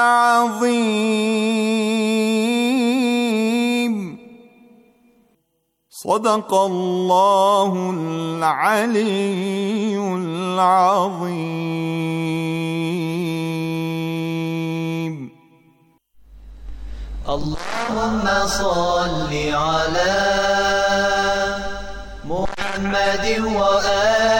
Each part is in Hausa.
العظيم صدق الله العلي العظيم اللهم صل على محمد وآله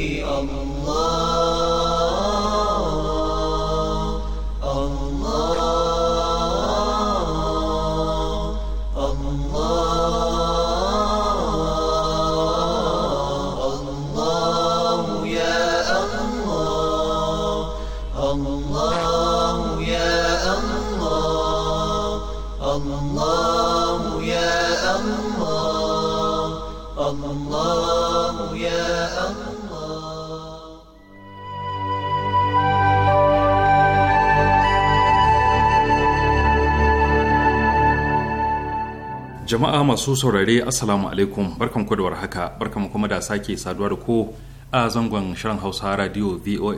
jama'a masu saurare assalamu alaikum barkan ku da warhaka barkan kuma da sake saduwa da ku a zangon shirin hausa radio voh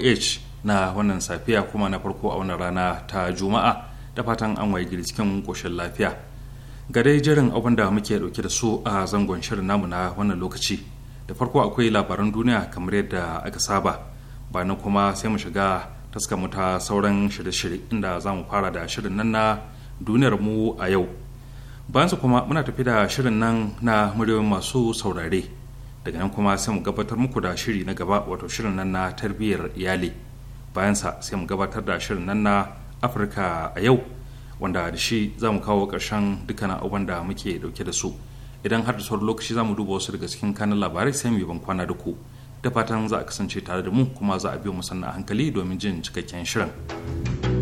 na wannan safiya kuma na farko a wannan rana ta juma'a da fatan an waye gidi cikin koshin lafiya ga dai jirin abin da muke dauke da su a zangon shirin namu na wannan lokaci da farko akwai labaran duniya kamar yadda aka saba ba na kuma sai mu shiga taska ta sauran shirye-shirye inda za mu fara da shirin nan na duniyar mu a yau bayan su kuma muna tafi da shirin nan na muryoyin masu saurare daga nan kuma sai mu gabatar muku da shiri na gaba wato shirin nan na tarbiyyar iyali bayansa sai mu gabatar da shirin nan na afirka a yau wanda da shi za mu kawo ƙarshen dukkanin abubuwan da muke dauke da su idan har da sauran lokaci za mu duba wasu daga cikin kanun labarai sai mu yi ban kwana da ku da fatan za a kasance tare da mu kuma za a biyo mu sannan a hankali domin jin cikakken shirin.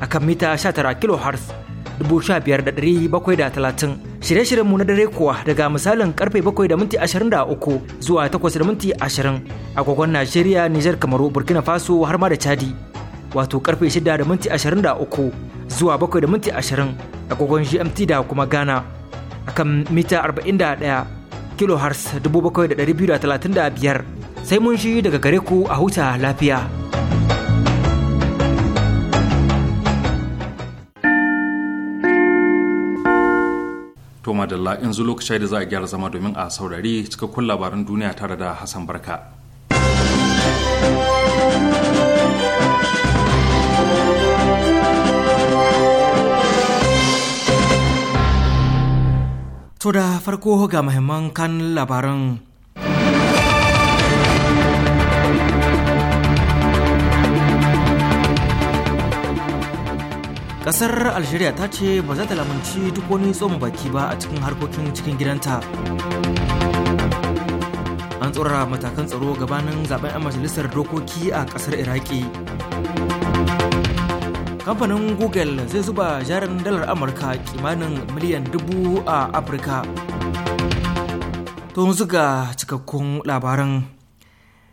akan mita 19 kHz 15730 shirye-shiryenmu na dare kuwa daga misalin karfe bakwai da minti zuwa takwas da minti agogon Najeriya, Nijar, Kamaru, Burkina Faso har ma da Chadi. Wato karfe 6 da minti zuwa bakwai da minti agogon GMT da kuma Ghana. Akan mita 41 kHz 7235 sai mun shi daga gare ku a huta lafiya. To madalla yanzu lokaci da za a gyara zama domin a saurari cikakkun labaran duniya tare da Hassan Barka. To da farko ga mahimman kan labaran kasar algeria ta ce ba za ta lamunci duk wani tsohon baki ba a cikin harkokin cikin gidanta an tsora matakan tsaro gabanin zaben 'yan majalisar dokoki a kasar iraki kamfanin google zai zuba jarin dalar amurka kimanin miliyan dubu a afirka to zuga cikakkun labaran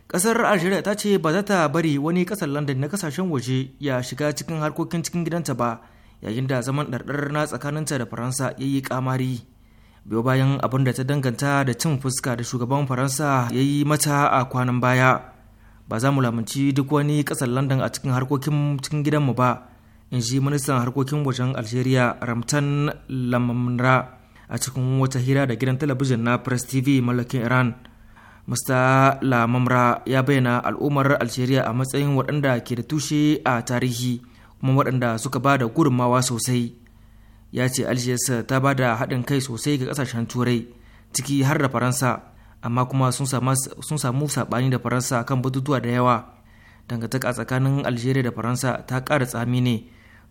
kasar algeria ta ce ba za ta bari wani kasar london na kasashen waje ya shiga cikin harkokin cikin gidanta ba yayin da zaman ɗarɗar na tsakaninta da faransa ya yi kamari biyo bayan abin da ta danganta da cin fuska da shugaban faransa ya yi mata a kwanan baya ba za mu lamunci duk wani kasar london a cikin harkokin cikin gidanmu ba in ji ministan harkokin wajen algeria ramtan lamamra a cikin wata hira da gidan talabijin na press tv mallakin iran Mr. mamra ya bayyana al'ummar Algeria a matsayin waɗanda ke da tushe a tarihi kuma waɗanda suka ba da gudunmawa sosai. Ya ce Algiers ta ba da haɗin kai sosai ga ƙasashen Turai ciki har da Faransa amma kuma sun samu saɓani da Faransa kan batutuwa da yawa. dangantaka tsakanin algeria da faransa ta ƙara tsami ne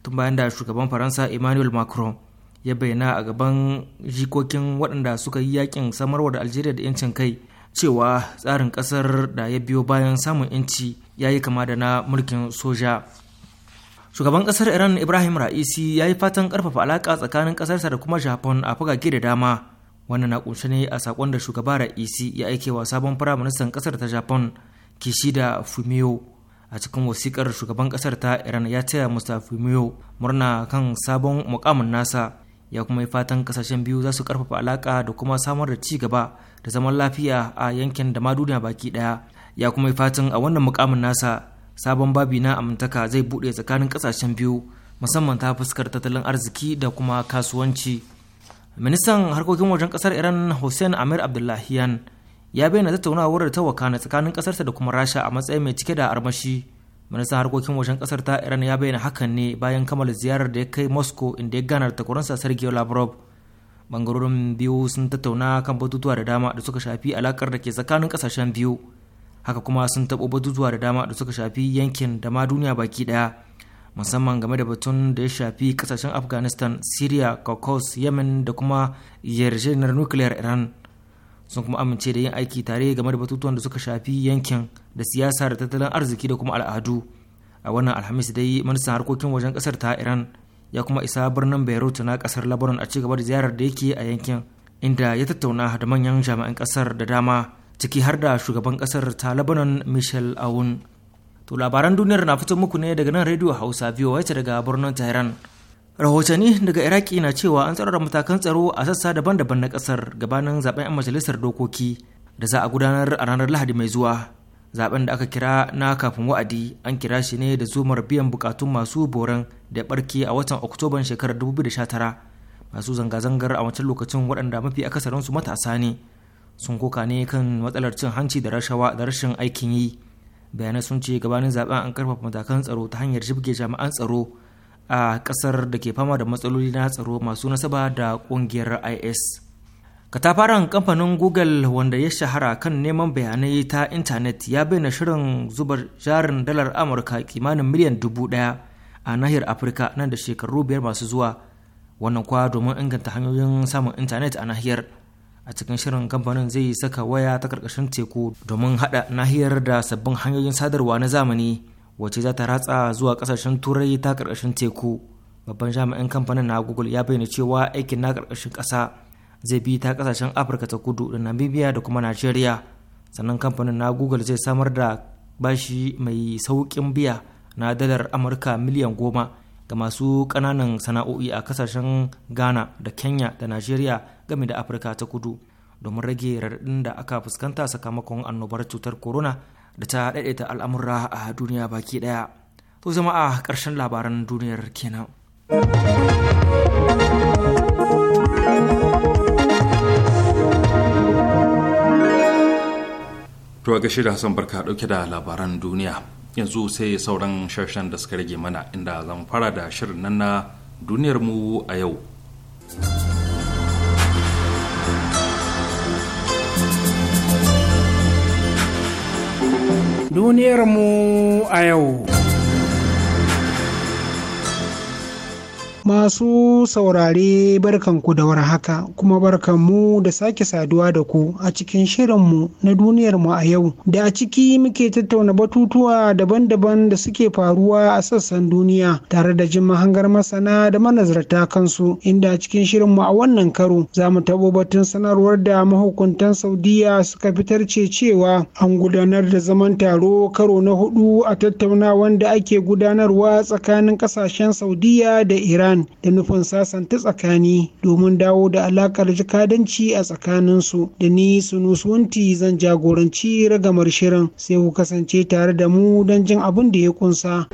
tun bayan da shugaban faransa emmanuel macron ya bayyana a gaban jikokin waɗanda suka yi yakin samarwa da algeria da 'yancin kai cewa tsarin ƙasar da ya biyo bayan samun 'yanci ya yi kama da na mulkin soja shugaban ƙasar iran ibrahim ra'isi ya yi fatan ƙarfafa alaka tsakanin ƙasarsa da kuma japan a fagage da dama wannan na kunshe ne a sakon da shugaba ra'isi ya aike wa sabon firaministan kasar ta japan kishida fumio a cikin wasikar shugaban kasar ta iran ya taya musta fumio murna kan sabon mukamin nasa ya kuma yi fatan kasashen biyu za su karfafa alaka da kuma samar da ci gaba da zaman lafiya a yankin da ma duniya baki daya ya kuma yi fatan a wannan mukamin nasa sabon babi na amintaka zai buɗe tsakanin kasashen biyu musamman ta fuskar tattalin arziki da kuma kasuwanci ministan harkokin wajen kasar iran hussein amir abdullahiyan ya bayyana tattaunawar da ta wakana tsakanin kasarsa da kuma rasha a matsayin mai cike da armashi ministan harkokin wajen kasar ta iran ya bayyana hakan ne bayan kammala ziyarar da ya kai moscow inda ya gana da takwaransa sergio lavrov bangarorin biyu sun tattauna kan batutuwa da dama da suka shafi alakar da ke tsakanin kasashen biyu haka kuma sun taɓo batutuwa da dama da suka shafi yankin da ma duniya baki daya musamman game da batun da ya shafi kasashen afghanistan syria caucasus yemen da kuma yarjejeniyar nukiliyar iran sun kuma amince da yin aiki tare game da batutuwan da suka shafi yankin da siyasa da tattalin arziki da kuma al'adu a wannan alhamis dai ministan harkokin wajen kasar ta iran ya kuma isa birnin beirut na kasar lebanon a ci gaba da ziyarar da yake a yankin inda ya tattauna da manyan jami'an kasar da dama ciki har da shugaban kasar ta lebanon michel aoun to labaran duniyar na fito muku ne daga nan radio hausa biyu wace daga birnin tehran rahotanni daga iraki na cewa an tsara matakan tsaro a sassa daban-daban na kasar gabanin zaben 'yan majalisar dokoki da za a gudanar a ranar lahadi mai zuwa zaben da aka kira na kafin wa'adi an kira shi ne da zumar biyan bukatun masu boran da barke a watan oktoban shekarar 2019 masu zanga-zangar a wancan lokacin waɗanda mafi akasarinsu matasa ne sun koka ne kan matsalar cin hanci da rashawa da rashin aikin yi bayanai sun ce gabanin zaben an karfafa matakan tsaro ta hanyar jibge jami'an tsaro a kasar da ke fama da matsaloli na tsaro masu nasaba da kungiyar is katafaren kamfanin google wanda ya shahara kan neman bayanai ta intanet ya bayyana shirin zuba jarin dalar amurka kimanin miliyan dubu daya a nahiyar afirka nan da shekaru biyar masu zuwa wannan kwa domin inganta hanyoyin samun intanet a nahiyar a cikin shirin kamfanin zai saka waya ta karkashin teku domin hada nahiyar da sabbin hanyoyin sadarwa na zamani wacce za ta ratsa zuwa kasashen turai ta karkashin teku babban jami'in kamfanin na google ya bayyana cewa aikin na karkashin kasa zai bi ta kasashen afirka ta kudu da namibia da kuma nigeria sannan kamfanin na google zai samar da bashi mai saukin biya na dalar amurka miliyan goma ga masu ƙananan sana'o'i a kasashen ghana da kenya da nigeria game da afirka ta kudu domin rage raɗaɗin da aka fuskanta sakamakon annobar cutar corona da ta daidaita al'amura a duniya baki daya to zama a ƙarshen labaran duniyar kenan to a gashi da hassan barka dauke da labaran duniya yanzu sai sauran sharshen da suka rage mana inda zan fara da shirin nan na duniyar mu a yau duniyarmu a yau. Masu saurare barkanku da war haka kuma barkanmu da sake saduwa da ku a cikin shirinmu na duniyarmu a yau da a ciki muke tattauna batutuwa daban-daban da suke faruwa a sassan duniya tare da jin mahangar masana da manazarta kansu inda a cikin shirinmu a wannan karo za mu taɓo batun sanarwar da mahukuntan saudiya suka fitar ce cewa an gudanar da zaman taro karo na hudu a tattaunawan da ake gudanarwa tsakanin ƙasashen saudiya da iran iran da nufin sasanta tsakani domin dawo da alakar jakadanci a tsakaninsu da ni sunusunti zan jagoranci ragamar shirin sai ku kasance tare da mu don jin abin da ya kunsa.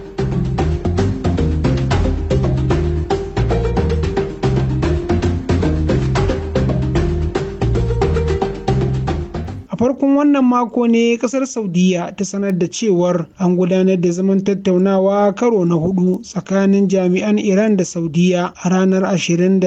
farkon wannan mako ne kasar saudiya ta sanar da cewar an gudanar da zaman tattaunawa karo na hudu tsakanin jami'an iran da saudiya a ranar 21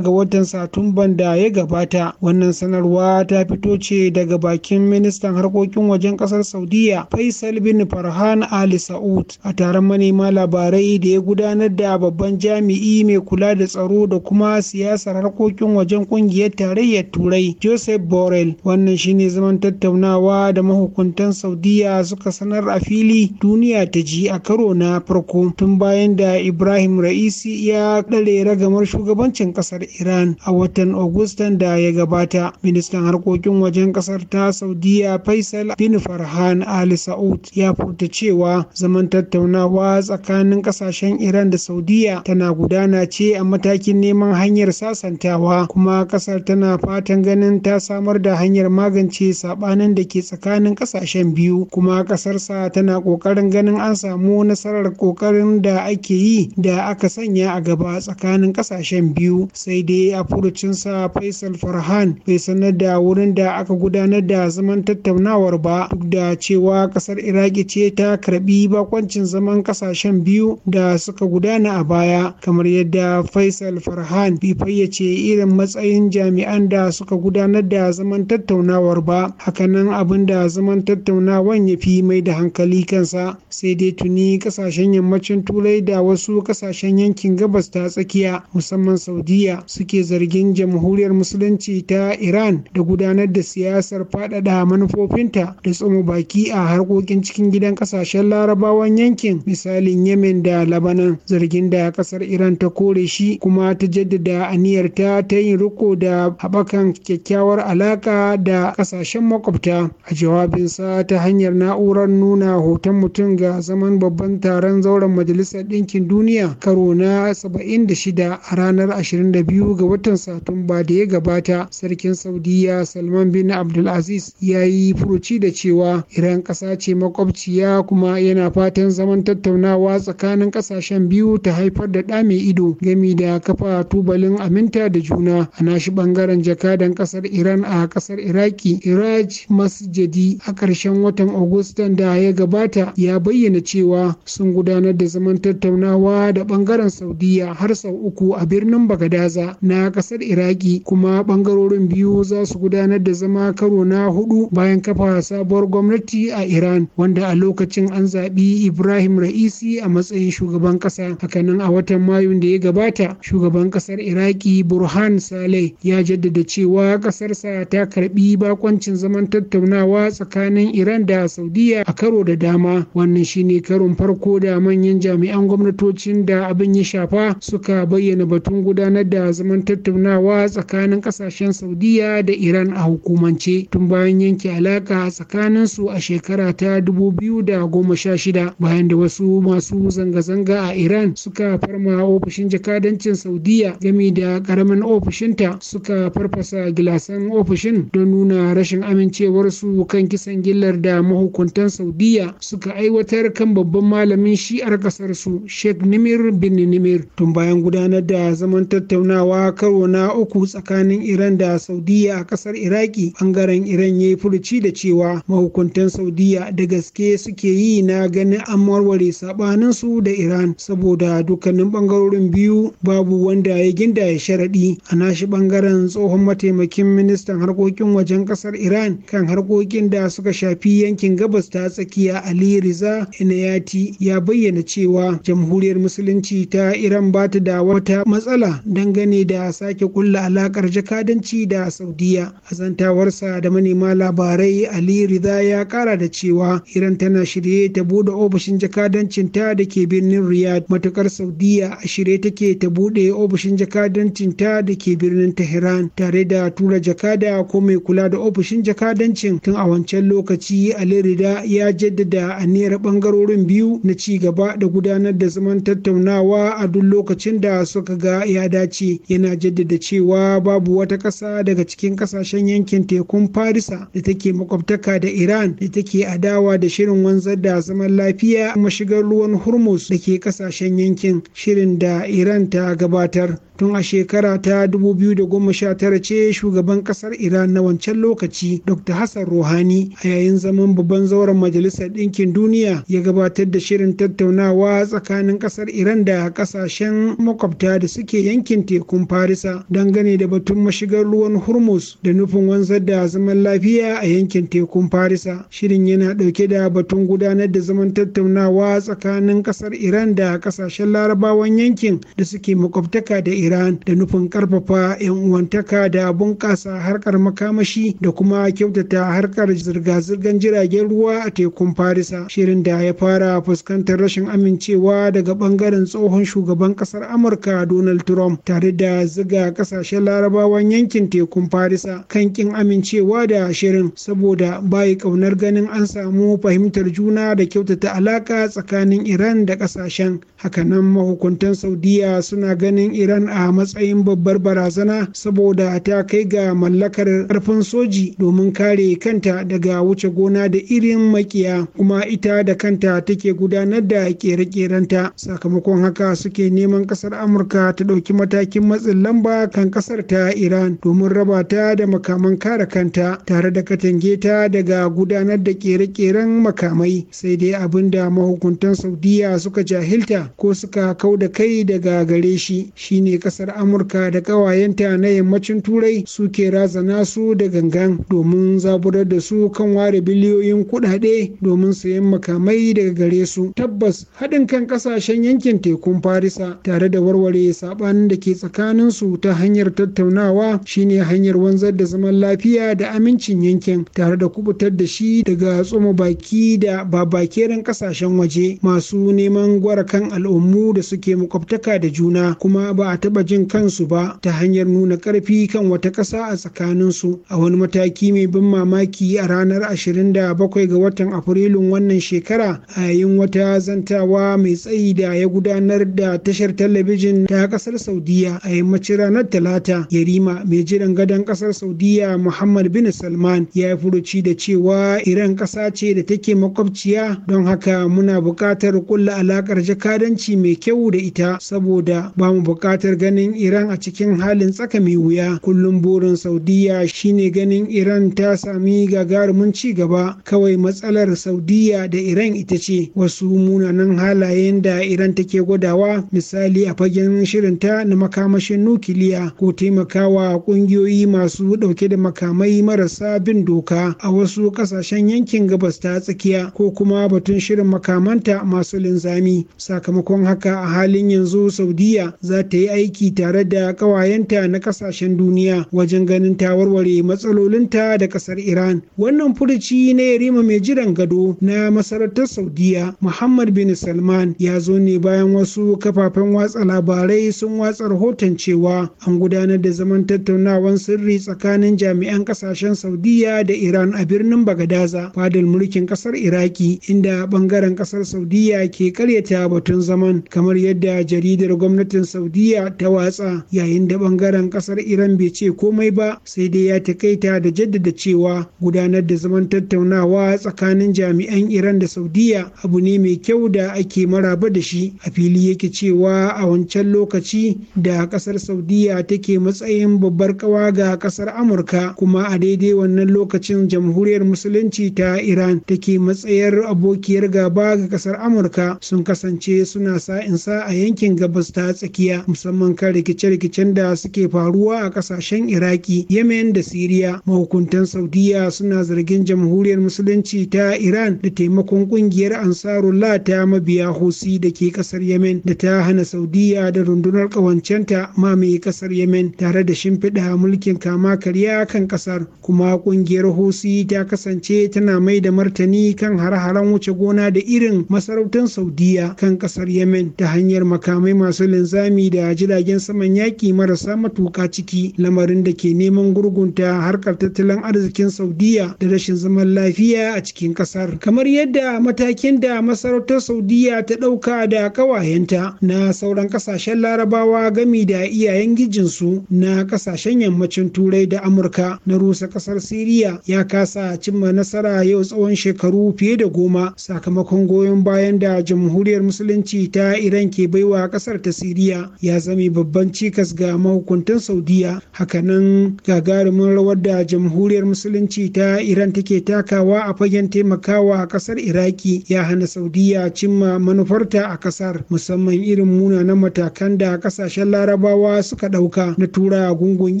ga watan satumban da ya gabata wannan sanarwa ta fito ce daga bakin ministan harkokin wajen kasar saudiya faisal bin farhan ali sa'ud a taron manema labarai da ya gudanar da babban jami'i mai kula da tsaro da kuma siyasar harkokin wajen ƙungiyar tarayyar turai joseph Borel wannan shine zaman tattaunawa da mahukuntan saudiya suka sanar a fili duniya ta ji a karo na farko tun bayan da ibrahim ra'isi ya ɗare ragamar shugabancin ƙasar iran a watan agustan da ya gabata ministan harkokin wajen ƙasar ta saudiya faisal bin farhan ali sa'ud ya furta cewa zaman tattaunawa tsakanin ƙasashen iran da saudiya tana gudana ce a matakin neman hanyar sasantawa kuma ƙasar tana fatan ganin ta samar da hanyar magance sa sabanin da ke tsakanin kasashen biyu kuma kasarsa tana kokarin ganin an samu nasarar kokarin da ake yi da aka sanya a gaba tsakanin kasashen biyu sai dai a furucinsa faisal farhan bai sanar da wurin da aka gudanar da zaman tattaunawar ba duk da cewa kasar iraki ce ta karbi bakoncin zaman kasashen biyu da suka gudana a baya kamar yadda faisal farhan bai fayyace irin matsayin jami'an da suka gudanar da zaman tattaunawar ba hakanan abin da zaman tattaunawan ya fi mai da hankali kansa sai dai tuni kasashen yammacin turai da wasu kasashen yankin gabas ta tsakiya musamman saudiya suke zargin jamhuriyar musulunci ta iran da gudanar da siyasar faɗaɗa manufofinta da tsoma baki a harkokin cikin gidan kasashen larabawan yankin misalin yemen da labanan zargin da kasar iran ta kore shi kuma ta jaddada aniyarta ta yin riko da haɓakan kyakkyawar alaka da kasashen makwabta a jawabinsa ta hanyar na'urar nuna hoton mutum ga zaman babban taron zauren majalisar ɗinkin duniya karo na 76 a ranar 22 ga watan satumba da ya gabata sarkin saudiya salman bin abdulaziz ya yi furuci da cewa iran ƙasa ce makwabciya kuma yana fatan zaman tattaunawa tsakanin ƙasashen biyu ta haifar da ɗa mai ido gami da kafa tubalin aminta da juna a nashi ɓangaren jakadan ƙasar iran a ƙasar iraki iran Taj Masjidi a ƙarshen watan Agustan da ya gabata ya bayyana cewa sun gudanar da zaman tattaunawa da ɓangaren Saudiya har sau uku a birnin Bagadaza na ƙasar Iraki kuma ɓangarorin biyu za su gudanar da zama karo na hudu bayan kafa sabuwar gwamnati a Iran wanda a lokacin an zaɓi Ibrahim Ra'isi a matsayin shugaban ƙasa. Hakanan a watan Mayun da ya gabata shugaban ƙasar Iraki Burhan Saleh ya jaddada cewa ƙasarsa ta karɓi bakoncin zaman tattaunawa tsakanin iran da saudiya a karo da dama wannan shine karon farko da manyan jami'an gwamnatocin da abin ya shafa suka bayyana batun gudanar da zaman tattaunawa tsakanin kasashen saudiya da iran a hukumance tun bayan yanke alaka tsakanin su a shekara ta 2016 bayan da wasu masu zanga-zanga a iran suka farma ofishin jakadancin saudiya game da karamin ofishinta suka farfasa gilasan ofishin don nuna rashin amincewarsu kan kisan gillar da mahukuntan saudiya suka aiwatar kan babban malamin shi'ar kasar su sheikh nimir bin nimir tun bayan gudanar da zaman tattaunawa karo na uku tsakanin iran da saudiya a kasar iraki bangaren iran ya yi furuci da cewa mahukuntan saudiya da gaske suke yi na ganin an warware sabanin su da iran saboda dukkanin bangarorin biyu babu wanda ya gindaya sharaɗi a nashi bangaren tsohon mataimakin ministan harkokin wajen kasar iran iran kan harkokin da suka shafi yankin gabas ta tsakiya ali riza inayati ya bayyana cewa jamhuriyar musulunci ta iran ba ta da wata matsala dangane da sake kulla alakar jakadanci da saudiya a zantawarsa da manema labarai ali riza ya kara da cewa iran tana shirye ta bude ofishin jakadancin ta da ke birnin riyadh matukar saudiya a shirye take ta bude ofishin jakadancin ta da ke birnin tehran tare da tura jakada ko mai kula da ofishin jakadancin jakadancin tun a wancan lokaci alirida ya jaddada aniyar bangarorin biyu na ci gaba da gudanar da zaman tattaunawa a duk lokacin da suka ga ya dace yana jaddada cewa babu wata ƙasa daga cikin ƙasashen yankin tekun farisa da take makwabtaka da iran da take adawa da shirin wanzar da zaman lafiya mashigar ruwan hormuz da ke ƙasashen yankin shirin da iran ta gabatar tun a shekara ta 2019 ce shugaban ƙasar iran na wancan lokaci dr hassan Rouhani, a yayin zaman babban zauren majalisar ɗinkin duniya ya gabatar da shirin tattaunawa tsakanin ƙasar iran da ƙasashen makwabta da suke yankin tekun farisa dangane da batun mashigar ruwan hormuz da nufin wanzar da zaman lafiya a yankin tekun farisa shirin yana ɗauke da batun gudanar da zaman tattaunawa tsakanin ƙasar iran da ƙasashen larabawan yankin da suke makwabtaka da iran da nufin ƙarfafa 'yan uwantaka da bunƙasa harkar makamashi da kuma kyautata harkar zirga-zirgar jiragen ruwa a tekun farisa shirin da ya fara fuskantar rashin amincewa daga bangaren tsohon shugaban kasar amurka donald trump tare da ziga kasashen larabawan yankin tekun farisa kan kin amincewa da shirin saboda bai kaunar ganin an samu fahimtar juna da kyautata alaka tsakanin iran da kasashen hakanan mahukuntan saudiya suna ganin iran a matsayin babbar barazana saboda ta kai ga mallakar karfin soji domin domin kare kanta daga wuce gona da irin makiya kuma ita da kanta take gudanar da kere-kerenta sakamakon haka suke neman kasar amurka ta ɗauki matakin matsin lamba kan kasar ta iran domin raba ta da makaman kare kanta tare da katange ta daga gudanar da kere-keren makamai sai dai abin da mahukuntan saudiya suka jahilta ko suka kau da kai daga gare shi shine kasar amurka da ƙawayenta na yammacin turai suke razana su da gangan domin Mun zaburar da su kan ware biliyoyin kuɗaɗe domin sayan makamai daga gare su tabbas haɗin kan ƙasashen yankin tekun farisa tare da warware saɓanin da ke tsakanin su ta hanyar tattaunawa shine hanyar wanzar da zaman lafiya da amincin yankin tare da kubutar da shi daga tsoma baki da babakeren ƙasashen waje masu neman gwara kan al'ummu da suke makwabtaka da juna kuma ba a taɓa jin kansu ba ta hanyar nuna ƙarfi kan wata ƙasa a tsakaninsu a wani mataki mai ban mamaki a ranar 27 ga watan afrilun wannan shekara a yayin wata zantawa mai tsayi da ya gudanar da tashar talabijin ta kasar saudiya a yammacin ranar talata yarima mai jiran gadon kasar saudiya muhammad bin salman ya yi furuci da cewa iran kasa ce da take makwabciya don haka muna buƙatar kulla alakar jakadanci mai kyau da ita saboda ba mu buƙatar ganin iran a cikin halin tsaka mai wuya kullum burin saudiya shine ganin iran iran ta sami gagarumin ci gaba kawai matsalar saudiya da iran ita ce wasu munanan halayen da iran take gwadawa misali a fagen shirinta na makamashin nukiliya ko taimakawa kungiyoyi masu dauke da makamai marasa bin doka a wasu kasashen yankin gabas ta tsakiya ko kuma batun shirin makamanta masu linzami sakamakon haka a halin yanzu saudiya za ta yi aiki tare da kawayenta na kasashen duniya wajen ganin ta warware matsalolinta da kasar iran wannan furuci na yarima mai jiran gado na masarautar saudiya muhammad bin salman ya zo ne bayan wasu kafafen watsa labarai sun watsa rahoton cewa an gudanar da zaman tattaunawan sirri tsakanin jami'an kasashen saudiya da iran a birnin bagadaza fadar mulkin kasar iraki inda bangaren kasar saudiya ke karyata batun zaman kamar yadda jaridar gwamnatin saudiya ta watsa yayin da bangaren kasar iran bai ce komai ba sai dai ya takaita da jaddada da cewa gudanar da zaman tattaunawa tsakanin jami'an iran da saudiya abu ne mai kyau da ake maraba da shi a fili yake cewa a wancan lokaci da kasar saudiya take matsayin babbar kawa ga kasar amurka kuma a daidai wannan lokacin jamhuriyar musulunci ta iran take matsayar abokiyar gaba ga kasar amurka sun kasance suna sa in sa a yankin gabas ta tsakiya musamman kan rikice-rikicen da suke faruwa a kasashen iraki yemen da siriya mahukunta mahukuntan saudiya suna zargin jamhuriyar musulunci ta iran da taimakon kungiyar ansarullah ta mabiya husi da ke kasar yemen da ta hana saudiya da rundunar kawancenta mamaye kasar yemen tare da shimfiɗa mulkin kama karya kan kasar kuma kungiyar husi ta kasance tana mai da martani kan har-haren wuce gona da irin masarautar saudiya kan kasar yemen ta hanyar makamai masu linzami da jiragen saman yaƙi marasa matuka ciki lamarin da ke neman gurgunta harkar tattalin arzikin saudiya da rashin zaman lafiya a cikin kasar kamar yadda matakin da masarautar saudiya ta ɗauka da ƙawayenta na sauran ƙasashen larabawa gami da iyayen gijinsu na ƙasashen yammacin turai da amurka na rusa ƙasar siriya ya kasa cimma nasara yau tsawon shekaru fiye da goma sakamakon goyon bayan da jamhuriyar musulunci ta iran ke baiwa ƙasar ta siriya ya zame babban cikas ga mahukuntan saudiya hakanan gagarumin rawar da jamhuriyar jamhuriyar musulunci ta iran take takawa a fagen taimakawa a kasar iraki ya hana saudiya cimma manufarta a kasar musamman irin munanan matakan da kasashen larabawa suka ɗauka na tura gungun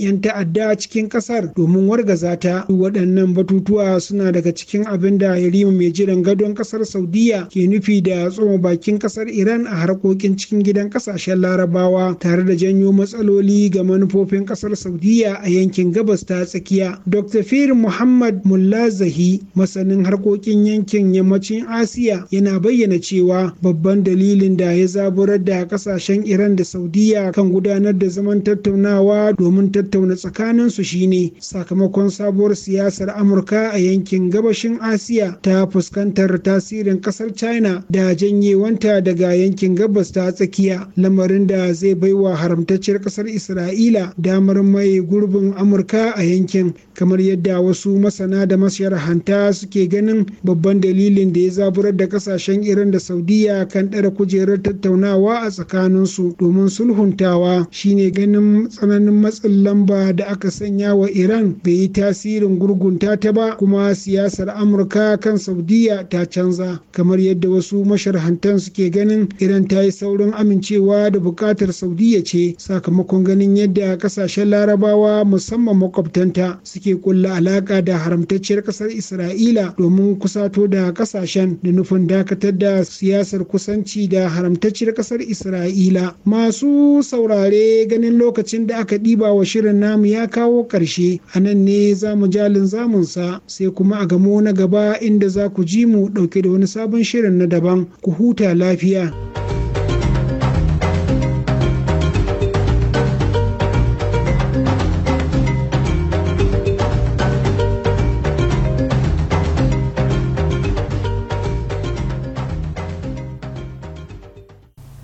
'yan ta'adda cikin kasar domin wargaza ta waɗannan batutuwa suna daga cikin abin da yarima mai jiran gadon kasar saudiya ke nufi da tsoma bakin kasar iran a harkokin cikin gidan kasashen larabawa tare da janyo matsaloli ga manufofin kasar saudiya a yankin gabas ta tsakiya dr Mustafir Muhammad Mullazahi masanin harkokin yankin yammacin Asiya yana bayyana cewa babban dalilin da ya zaburar da kasashen Iran da Saudiya kan gudanar da zaman tattaunawa domin tattauna tsakanin su shine sakamakon sabuwar siyasar Amurka a yankin gabashin Asiya ta fuskantar tasirin kasar China da janyewanta daga yankin gabas ta tsakiya lamarin da zai baiwa haramtacciyar kasar Isra'ila damar mai gurbin Amurka a yankin kamar yadda wasu masana da masharhanta suke ganin babban dalilin da ya zaburar da kasashen iran da saudiya kan ɗara kujerar tattaunawa a tsakaninsu domin sulhuntawa shine ganin tsananin matsin lamba da aka sanya wa iran bai yi tasirin gurgunta ta ba kuma siyasar amurka kan saudiya ta canza kamar yadda wasu masharhantan suke ganin iran ta yi saurin amincewa da bukatar saudiya ce sakamakon ganin yadda kasashen larabawa musamman makwabtanta suke ke kulla alaka da haramtacciyar kasar isra'ila domin kusato da kasashen da nufin dakatar da siyasar kusanci da haramtacciyar kasar isra'ila masu saurare ganin lokacin da aka ɗiba wa shirin namu ya kawo ƙarshe a nan ne za mu jalin zamunsa sai kuma a gamo na gaba inda za ku ji mu ɗauke da wani sabon shirin na daban ku huta lafiya.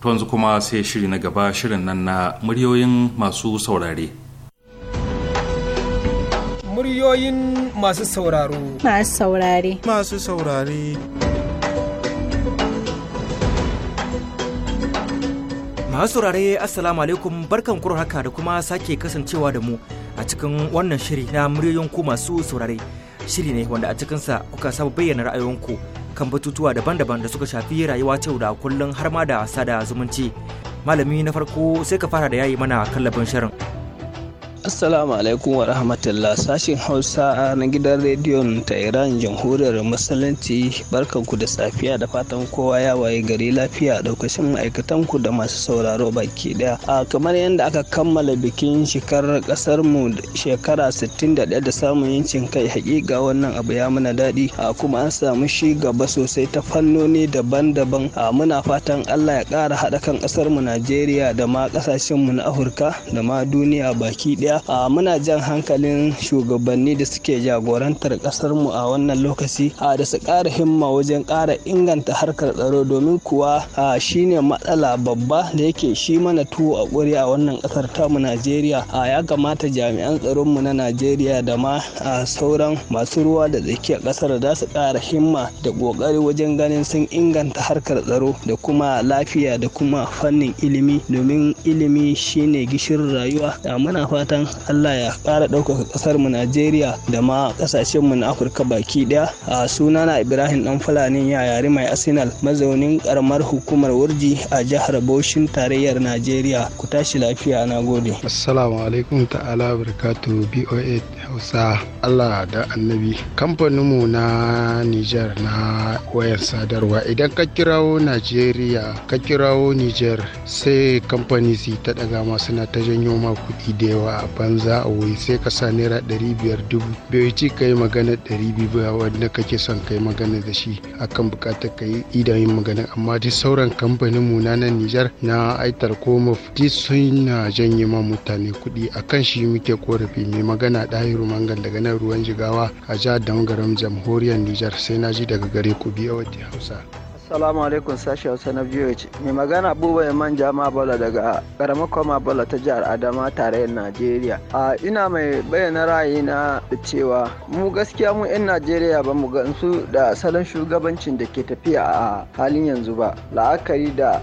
to yanzu kuma sai shiri na gaba shirin nan na muryoyin masu saurare muryoyin masu sauraro masu saurare masu saurare masu saurare assalamu alaikum barkan kuro haka da kuma sake kasancewa da mu a cikin wannan shiri na muryoyin ku masu saurare shiri ne wanda a cikinsa kuka saba bayyana ra'ayoyinku kan batutuwa daban-daban da suka shafi rayuwa ta da kullum har ma da sada zumunci. Malami na farko sai ka fara da yayi mana kallabin shirin. Assalamu alaikum wa rahmatullah sashin Hausa na gidan rediyon ta Iran jamhuriyar Musulunci barkanku da safiya da fatan kowa ya waye gari lafiya ma'aikatan ku da masu sauraro baki daya. A kamar yadda aka kammala bikin shekarar kasar mu shekara 61 da samun yancin kai hakika wannan abu ya muna daɗi a kuma an samu shi gaba sosai ta fannoni daban-daban a muna fatan Allah ya ƙara haɗa kan kasar mu Najeriya da ma kasashen mu na Afirka da ma duniya baki ɗaya. a muna jan hankalin shugabanni da suke jagorantar kasar mu a wannan lokaci a da su ƙara himma wajen ƙara inganta harkar tsaro domin kuwa shine matsala babba da yake shi mana tuwo a ƙuri a wannan ƙasar mu Najeriya ya kamata jami'an tsaron mu na Najeriya da ma sauran masu ruwa da tsakiyar ƙasar da su ƙara himma da ƙoƙari wajen ganin sun inganta harkar tsaro da kuma lafiya da kuma fannin ilimi domin ilimi shine gishirin rayuwa muna fatan fatan Allah ya ƙara ɗaukaka ƙasar mu Najeriya da ma ƙasashen mu na Afirka baki ɗaya. A sunana Ibrahim Dan Fulani yayari mai Arsenal mazaunin ƙaramar hukumar Wurji a jihar Bauchin tarayyar Najeriya. Ku tashi lafiya na gode. Assalamu alaikum ta'ala barkatu BOA Hausa Allah da Annabi. Kamfaninmu na Niger na wayar sadarwa idan ka kirawo Najeriya ka kirawo Niger sai kamfani su ta daga ma suna ta janyo ma kuɗi da yawa banza a wuri sai ka sa naira ɗari biyar dubu bai ci ka magana ɗari biyu ba wanda kake son kai magana da shi akan buƙatar ka yi idan yin magana amma duk sauran kamfanin mu na nan Nijar na aitar ko mafiti sun na janye ma mutane kuɗi akan shi muke korafi mai magana ɗahiru mangan daga nan ruwan jigawa a jihar Damgaram jamhuriyar Nijar sai na ji daga gare ku biya wajen Hausa. Salamu alaikum sashi Hausa na VOH. Mai magana Buba ya manja Mabola daga karamar koma Bola ta jihar Adama tarayyar Najeriya. A ina mai bayyana ra'ayina da cewa mu gaskiya mu 'yan Najeriya ba mu gansu da salon shugabancin da ke tafiya a halin yanzu ba. La'akari da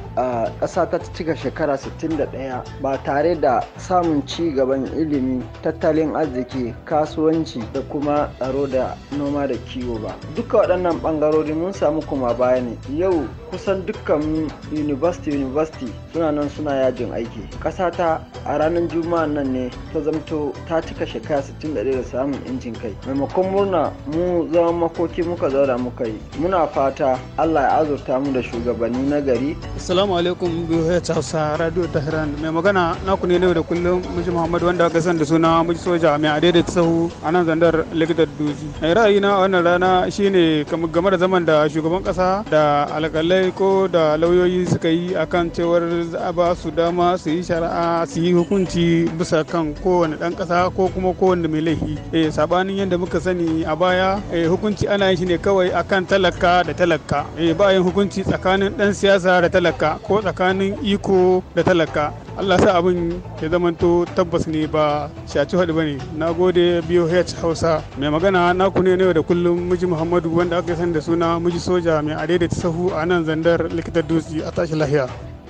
ƙasa ta cika shekara 61 ba tare da samun ci gaban ilimi, tattalin arziki, kasuwanci da kuma tsaro da noma da kiwo ba. Duka waɗannan ɓangarori mun samu kuma baya ne. yau kusan dukkan university university suna nan suna yajin aiki ƙasa ta a ranar juma'a nan ne ta zamto ta cika shekara 61 da samun injin kai maimakon murna mu zama makoki muka zaura muka yi muna fata allah ya azurta mu da shugabanni na gari assalamu alaikum biyu hausa radio tehran mai magana naku ne yau da kullum miji muhammad wanda aka san da suna miji soja mai adai da sahu a nan zandar likitar duji mai ra'ayi na wannan rana shine game da zaman da shugaban kasa da alkalai ko da lauyoyi suka yi akan cewar za ba su dama su yi shari'a su yi hukunci bisa kan kowane ɗan ƙasa ko kuma kowane mai laifi e, eh, sabanin yadda muka sani a baya eh, hukunci ana yin shi ne kawai akan talaka da talaka e, ba yin hukunci tsakanin ɗan siyasa da talaka ko tsakanin iko da talaka Allah sa abin ya zamanto tabbas ne ba shaci haɗu ba ne na gode BOH Hausa mai magana naku ne yau da kullum miji Muhammadu wanda aka san da suna miji soja mai adaidaita sahu Nuhu a nan zandar likita dutse a tashi lahiya.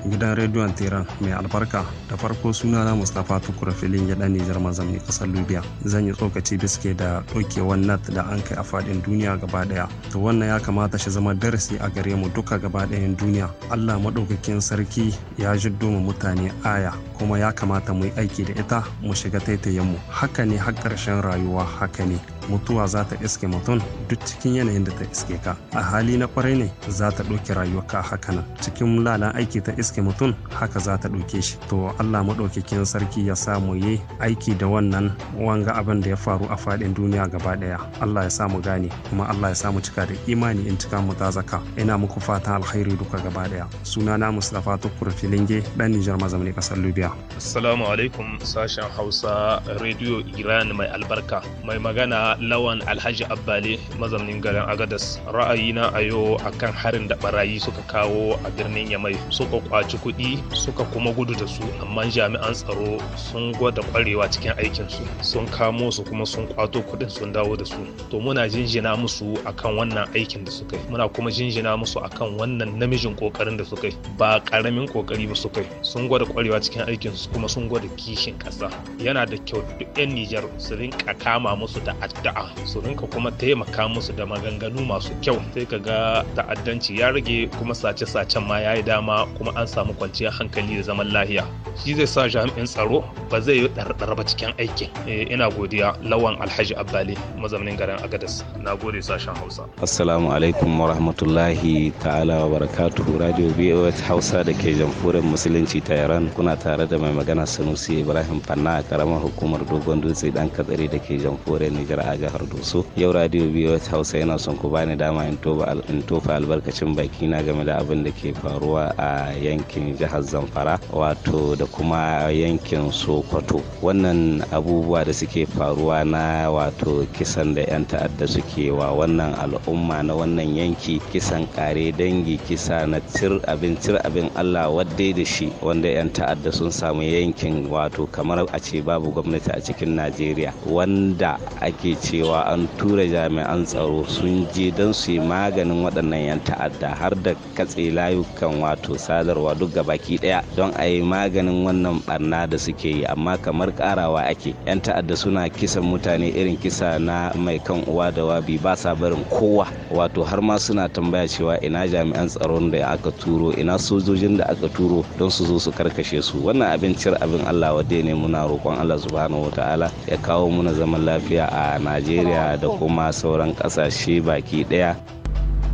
gidan rediyon Tiran mai albarka da farko suna na mustapha tukura filin ya dan nijar mazamni kasar libya zan yi tsokaci biske da ɗaukewan nat da an kai a faɗin duniya gaba ɗaya to wannan ya kamata shi zama darasi a gare mu duka gaba ɗayan duniya allah maɗaukakin sarki ya jiddo mu mutane aya kuma ya kamata mu yi aiki da ita mu shiga taitayen mu haka ne har ƙarshen rayuwa haka ne mutuwa za ta iske mutum duk cikin yanayin da ta iske ka a hali na kwarai ne za ta ɗauki rayuwa ka haka nan cikin lalan aiki ta iske iske mutum haka za ta ɗauke shi to allah maɗaukakin sarki ya sa mu yi aiki da wannan wanga abin da ya faru a faɗin duniya gaba ɗaya allah ya sa mu gane kuma allah ya sa mu cika da imani in cika mu ta zaka ina muku fatan alkhairi duka gaba ɗaya sunana mustapha tukur filinge ɗan nijar mazamni ƙasar libya assalamu alaikum sashen hausa rediyo iran mai albarka mai magana lawan alhaji abbali mazaunin garin agadas ra'ayina a yau akan harin da barayi suka kawo a birnin yamai suka kwaci kuɗi suka kuma gudu da su amma jami'an tsaro sun gwada kwarewa cikin aikinsu sun kamo su kuma sun kwato kuɗin sun dawo da su to muna jinjina musu akan wannan aikin da suka yi muna kuma jinjina musu akan wannan namijin kokarin da suka yi ba karamin kokari ba suka yi sun gwada kwarewa cikin aikin su kuma sun gwada kishin ƙasa yana da kyau duk 'yan Nijar su rinka kama musu da addu'a su rinka kuma taimaka musu da maganganu masu kyau sai ka ga ta'addanci ya rage kuma sace-sacen ma ya yi dama kuma an an samu kwanciyar hankali da zaman lahiya shi zai sa jami'in tsaro ba zai yi ɗarɗar ba cikin aikin eh, ina godiya lawan alhaji abbali mazaunin garin agadas na gode sashen hausa assalamu alaikum wa rahmatullahi ta'ala wa barakatu radio BOS hausa da ke jamhuriyar musulunci ta iran kuna tare da mai magana sanusi ibrahim fanna a karamar hukumar dogon dutse dan katsari da ke jamhuriyar nijar a jihar doso yau radio BOS hausa yana son ku bani dama in tofa albarkacin baki na game da abin da ke faruwa a yankin yankin jihar zamfara wato da kuma yankin sokoto wannan abubuwa da suke faruwa na wato kisan da 'yan ta'adda suke wa wannan al'umma na wannan yanki kisan kare dangi kisa na cir abin cir abin allah wadda da shi wanda 'yan ta'adda sun samu yankin wato kamar a ce babu gwamnati a cikin najeriya wanda ake cewa an tura jami'an tsaro sun je don su yi maganin waɗannan 'yan ta'adda har da katse layukan wato sadarwa fitarwa duk gabaki daya don a yi maganin wannan barna da suke yi amma kamar karawa ake yan ta'adda suna kisan mutane irin kisa na mai kan uwa da wabi ba sa barin kowa wato har ma suna tambaya cewa ina jami'an tsaron da aka turo ina sojojin da aka turo don su zo su karkashe su wannan abincin abin Allah wadde ne muna roƙon Allah subhanahu wataala ya kawo muna zaman lafiya a Najeriya da kuma sauran ƙasashe baki ɗaya.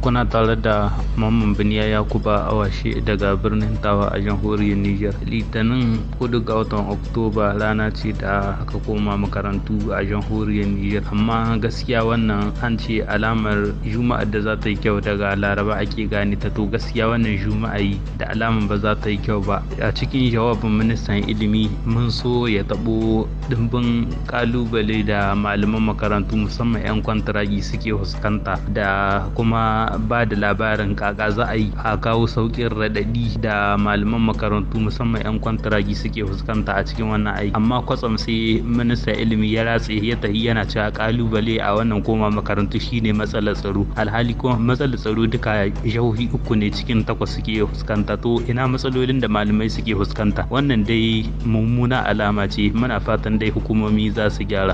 kuna tare da mamman biniya kuba awashi daga birnin tawa a jamhuriyar niger litinin kudu ga watan oktoba rana ce da aka koma makarantu a jamhuriyar niger amma gaskiya wannan an ce alamar juma'ar da za ta yi kyau daga laraba ake gane ta to gaskiya wannan juma'a da alamar ba za ta yi kyau ba a cikin jawabin ministan ilimi mun so ya tabo dimbin kalubale da malaman makarantu musamman 'yan kwantaragi suke fuskanta da kuma ba da labarin kaka za a yi a kawo saukin raɗaɗi da malaman makarantu musamman 'yan kwantaragi suke fuskanta a cikin wannan aiki amma kwatsam sai minista ilimi ya ratse ya tahi yana cewa kalubale a wannan koma makarantu shine matsalar tsaro alhali kuma matsalar tsaro duka jihohi uku ne cikin takwas suke fuskanta to ina matsalolin da malamai suke fuskanta wannan dai mummuna alama ce muna fatan dai hukumomi za su gyara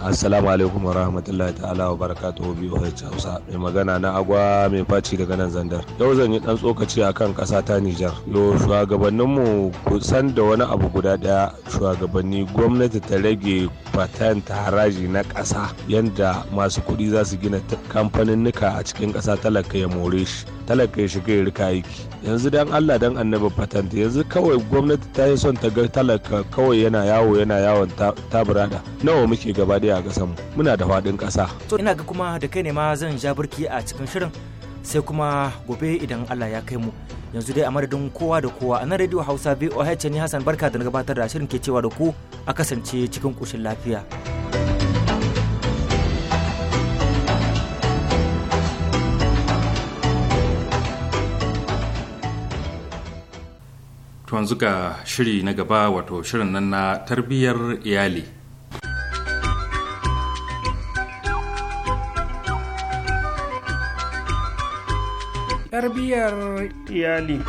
assalamu alaikum wa rahmatullahi ta'ala wa barakatuhu biyu hausa mai magana na agwa mai faci daga nan zandar yau zan yi ɗan tsokaci a kan ƙasa ta nijar yau shugabanninmu kusan da wani abu guda ɗaya. shugabanni gwamnati ta rage ba haraji na ƙasa yadda masu kuɗi za su gina kamfanin kamfaninnika a cikin ƙasa talaka ya more shi talaka ya shiga ya rika aiki yanzu dan allah dan annabi fatanta yanzu kawai gwamnati ta yi son ta ga talaka kawai yana yawo yana yawon taburada nawa muke gaba daya a ƙasanmu muna da faɗin ƙasa. to ina ga kuma da kai ne ma zan ja birki a cikin shirin sai kuma gobe idan allah ya kai mu yanzu dai a madadin kowa da kowa a nan radio hausa voh ne hassan barka da na gabatar da shirin ke cewa da ku a kasance cikin ƙoshin lafiya. To yanzu ga shiri na gaba wato shirin nan na tarbiyyar iyali. tarbiyyar iyali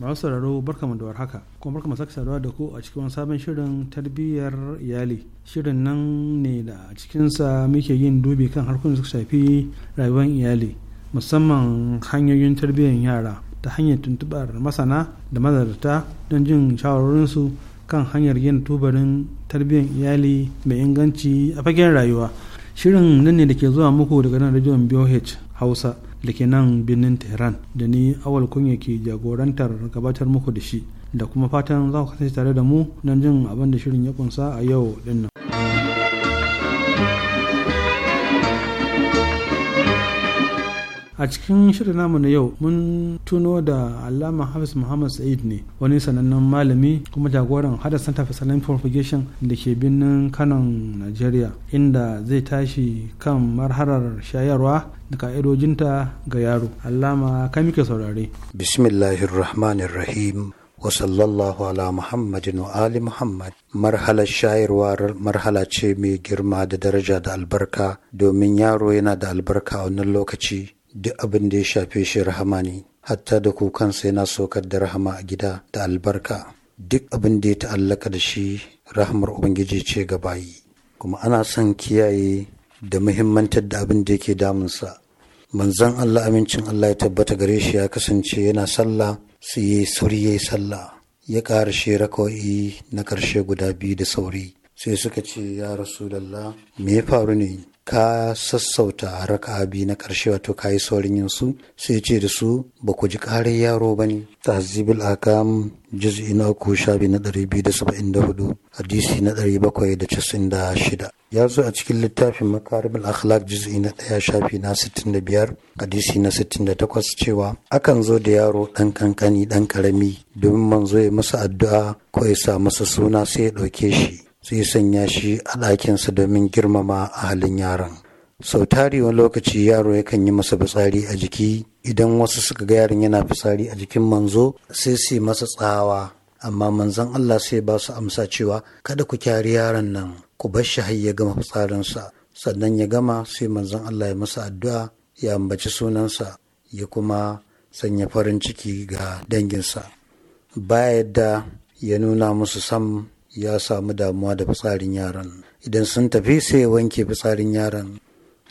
masu sauraro mu da warhaka kuma barka masu saduwa da ku a cikin wani sabon shirin tarbiyyar iyali shirin nan ne da a cikinsa muke yin dubi kan harkokin suka shafi rayuwar iyali musamman hanyoyin tarbiyyar yara ta hanyar tuntubar masana da mazarta don jin shawarorinsu kan hanyar yin tubarin tarbiyyar iyali mai inganci a fagen rayuwa shirin nan ne da ke zuwa muku daga nan rajon BOH Hausa da ke nan birnin Tehran da ni awal kunya ke jagorantar gabatar muku da shi da kuma fatan za ku kasance tare da mu don jin abin da shirin ya kunsa a yau dinnan. a cikin shirin namu na yau mun tuno da alama hafiz muhammad sa'id ne wani sanannen malami kuma jagoran hada center for salon propagation da ke birnin kanon nigeria inda zai tashi kan marharar shayarwa da ka'idojinta ga yaro alama kai muke saurare bismillahirrahmanirrahim wa sallallahu ala muhammadin wa ali muhammad marhalar shayarwa marhala ce mai girma da daraja da albarka domin yaro yana da albarka a wannan lokaci duk abin da ya shafe shi rahama ne hatta da kukansa yana saukar da rahama a gida da albarka duk abin da ya ta'allaka da shi rahamar ubangiji ce ga bayi kuma ana son kiyaye da muhimmantar da abin da yake damunsa manzon Allah amincin Allah ya tabbata gare shi ya kasance yana sallah sai ya sauri ya sallah ya ƙarashe rakawai na ƙarshe guda biyu da sauri sai suka ce ya rasulallah me ya faru ne ka sassauta raka'a biyu na ƙarshe wato ka yi saurin yin su sai ce da su ba ku ji ƙarin yaro ba ne tahzibul akam juz'i na uku sha biyu na ɗari biyu da saba'in da hudu hadisi na ɗari bakwai da casin da shida ya zo a cikin littafin makaribul akhlaq juz'i na ɗaya shafi na sittin da biyar hadisi na sittin da takwas cewa akan zo da yaro ɗan kankani ɗan ƙarami domin manzo ya masa addu'a ko ya sa masa suna sai ya ɗauke shi sai sanya shi a ɗakinsa domin girmama a halin yaron sau tari wani lokaci yaro yakan yi masa fitsari a jiki idan wasu suka ga yaron yana fitsari a jikin manzo sai su masa tsawa amma manzon Allah sai ba su amsa cewa kada ku kyari yaron nan ku bar shi har ya gama fitsarinsa sannan ya gama sai manzon Allah ya masa addu'a ya ambaci sunansa ya kuma sanya farin ciki ga danginsa ba yadda ya nuna musu sam ya samu damuwa da fitsarin yaran idan sun tafi sai ya wanke fitsarin yaran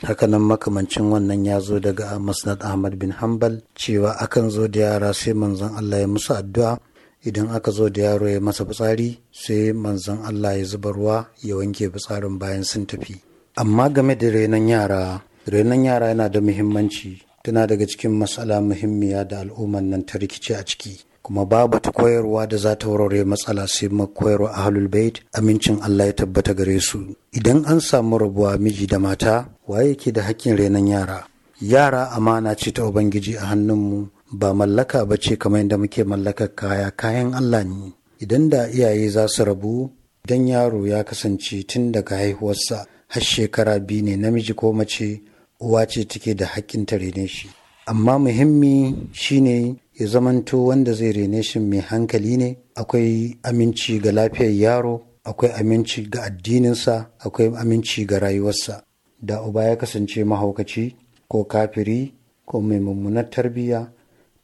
hakanan makamancin wannan ya zo daga masnad ahmad bin Hambal. cewa akan zo da yara sai manzon allah ya musu addu'a idan aka zo da yaro ya masa fitsari sai manzon allah ya zuba ruwa ya wanke fitsarin bayan sun tafi amma game da renon yara renon yara yana da muhimmanci tana daga cikin matsala muhimmiya da al'ummar nan ta rikice a ciki kuma babu ta koyarwa da za ta warware matsala sai koyarwa halul bait amincin Allah ya tabbata gare su idan an samu rabuwa miji da mata waye ke da hakkin renon yara yara amana ce ta ubangiji a hannunmu ba mallaka ba ce kamar yadda muke mallaka kaya kayan Allah ne idan da iyaye za su rabu idan yaro ya kasance tun daga haihuwarsa har shekara biyu ne namiji ko mace uwa ce take da hakkin ta rene shi amma muhimmi shine ya zamanto wanda zai rene shi mai hankali ne akwai aminci ga lafiyar yaro akwai aminci ga addininsa akwai aminci ga rayuwarsa da uba ya kasance mahaukaci ko kafiri ko mai mummunar tarbiyya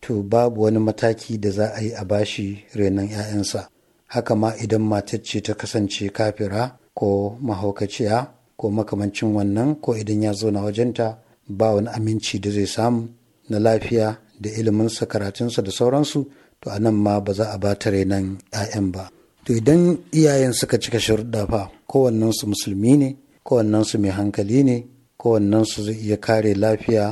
to babu wani mataki da za a yi a bashi renon 'ya'yansa haka ma idan matar ta kasance kafira ko mahaukaciya ko makamancin wannan ko idan ya zo na wajenta ba wani aminci da zai samu na lafiya da iliminsa karatunsa da sauransu to anan ma ba za a ba ta renon 'ya'yan ba to idan iyayen suka cika shirɗa fa kowannensu musulmi ne kowannensu mai hankali ne kowannensu zai iya kare lafiya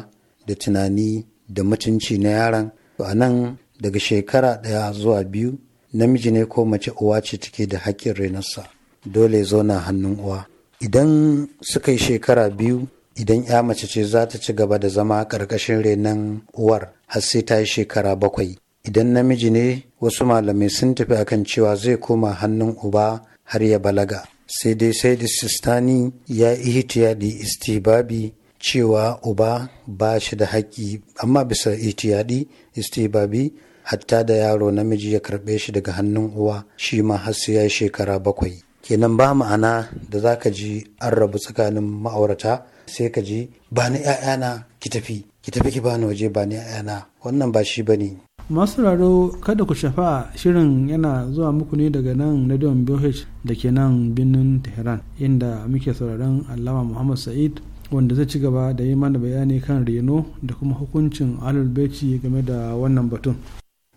da tunani da mutunci na yaran to anan daga shekara ɗaya zuwa biyu namiji ne ko mace uwa ce take da haƙƙin renarsa dole zauna hannun uwa idan suka yi shekara biyu idan ya mace ce za ta ci gaba da zama ƙarƙashin renan uwar har sai ta yi shekara bakwai idan namiji ne wasu malamai sun tafi akan cewa zai koma hannun uba har ya balaga sai dai sai da sistani ya ihtiyadi istibabi cewa uba ba shi da haƙƙi amma bisa ihtiyadi istibabi hatta da yaro namiji ya karɓe shi daga hannun uwa shi ma har sai ya yi shekara bakwai kenan ba ma'ana da za ka ji an rabu tsakanin ma'aurata sai ka ji ba ni 'ya'yana ki tafi ki tafi ki bani waje ba ni yana wannan ba shi bane masu raro kada ku shafa shirin yana zuwa muku ne daga nan Don BOH da ke nan birnin Tehran inda muke sauraron Allama Muhammad Sa'id wanda zai ci gaba da yi mana bayani kan reno da kuma hukuncin Ahlul game da wannan batun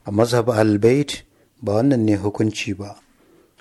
a mazhab Ahlul ba wannan ne hukunci ba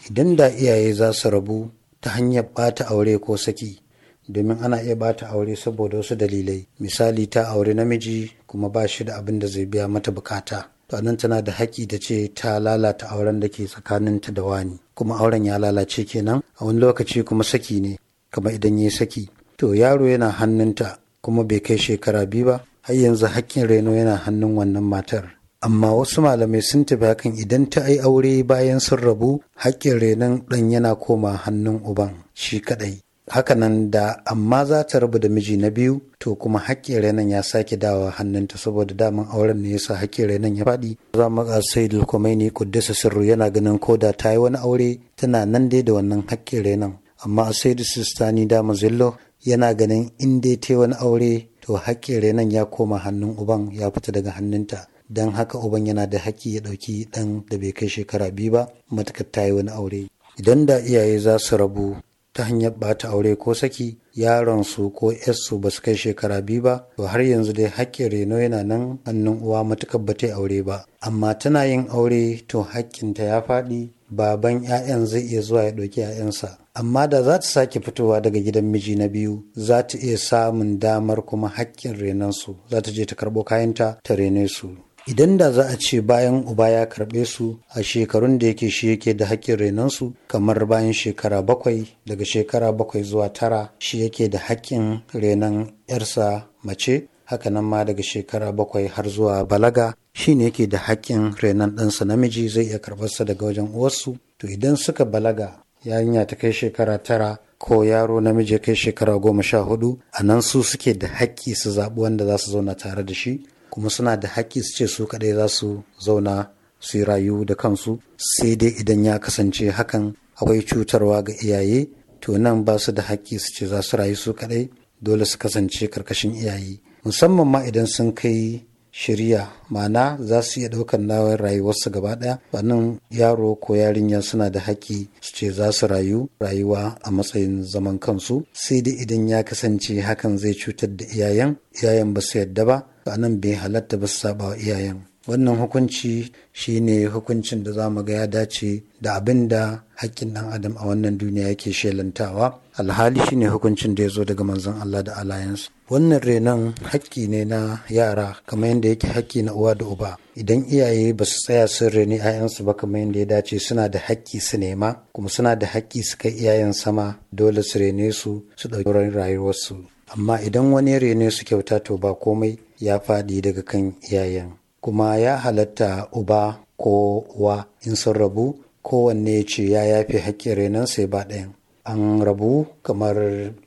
idan da iyaye za su rabu ta hanyar bata aure ko saki domin ana iya bata aure saboda wasu dalilai misali ta aure namiji kuma ba shi da abin da zai biya mata bukata to nan tana da haƙƙi da ce ta lalata auren da ke tsakaninta da wani kuma auren ya lalace kenan a wani lokaci kuma saki ne kamar idan ya saki to yaro yana hannunta kuma bai kai shekara biyu ba har yanzu haƙƙin reno yana hannun wannan matar amma wasu malamai sun tafi hakan idan ta ai aure bayan sun rabu haƙƙin renon ɗan yana koma hannun uban shi kaɗai hakanan da amma za ta rabu da miji na biyu to kuma haƙƙin renon ya sake dawa hannunta saboda daman auren ne yasa haƙƙin renon ya faɗi za mu ga sai dulkomaini kuddasa sirru yana ganin ko da ta yi wani aure tana nan dai da wannan haƙƙin renon amma sai da sistani dama zillo yana ganin in dai ta wani aure to haƙƙin renon ya koma hannun uban ya fita daga hannunta dan haka uban yana da haƙƙi ya ɗauki ɗan da bai kai shekara biyu ba matakar ta yi wani aure idan da iyaye za su rabu ta hanyar ɓata aure ko saki yaron su ko su ba su kai shekara biyu ba to har yanzu dai haƙƙin reno yana nan hannun uwa matuƙar ba ta aure ba amma tana yin aure to haƙƙinta ya faɗi baban 'ya'yan zai iya zuwa ya ɗauki 'ya'yansa amma da za ta sake fitowa daga gidan miji na biyu za ta iya samun damar kuma haƙƙin su za ta je ta karɓo kayanta ta rene su idan da za a ce bayan uba ya karɓe su a shekarun da yake shi yake da haƙƙin su kamar bayan shekara bakwai daga shekara bakwai zuwa tara shi yake da haƙƙin renon yarsa mace hakanan ma daga shekara bakwai har zuwa balaga shi ne yake da haƙƙin renon ɗansa namiji zai iya karɓarsa daga wajen uwarsu to idan suka balaga yarinya ta kai shekara tara ko yaro namiji kai shekara goma sha hudu a nan su suke da haƙƙi su zaɓi wanda za su zauna tare da shi kuma suna da haƙƙi su ce su kaɗai za su zauna su yi rayu da kansu sai dai idan ya kasance hakan akwai cutarwa ga iyaye to nan ba su da haƙƙi su ce za su rayu su kaɗai dole su kasance karkashin iyaye musamman ma idan sun kai shirya ma'ana za su iya ɗaukar nawar rayuwarsu gaba ɗaya wannan yaro ko yarinya suna da haƙƙi su ce za su rayu rayuwa a matsayin zaman kansu sai dai idan ya kasance hakan zai cutar da iyayen iyayen ba su yadda ba to anan bai halatta ba su saba wa iyayen wannan hukunci shine hukuncin da za mu ga ya dace da abin da haƙƙin ɗan adam a wannan duniya yake shelantawa alhali shi ne hukuncin da ya zo daga manzon Allah da alayansu wannan renon haƙƙi ne na yara kamar yadda yake haƙƙi na uwa da uba idan iyaye ba su tsaya sun reni ayansu ba kamar yadda ya dace suna da haƙƙi su nema kuma suna da haƙƙi su kai iyayen sama dole su rene su su ɗauki rayuwarsu amma idan wani rene su kyauta to ba komai ya faɗi daga kan iyayen kuma ya halatta uba ko wa in sun rabu kowanne ya ce ya yafe haƙƙin renon sai ba ɗayan an rabu kamar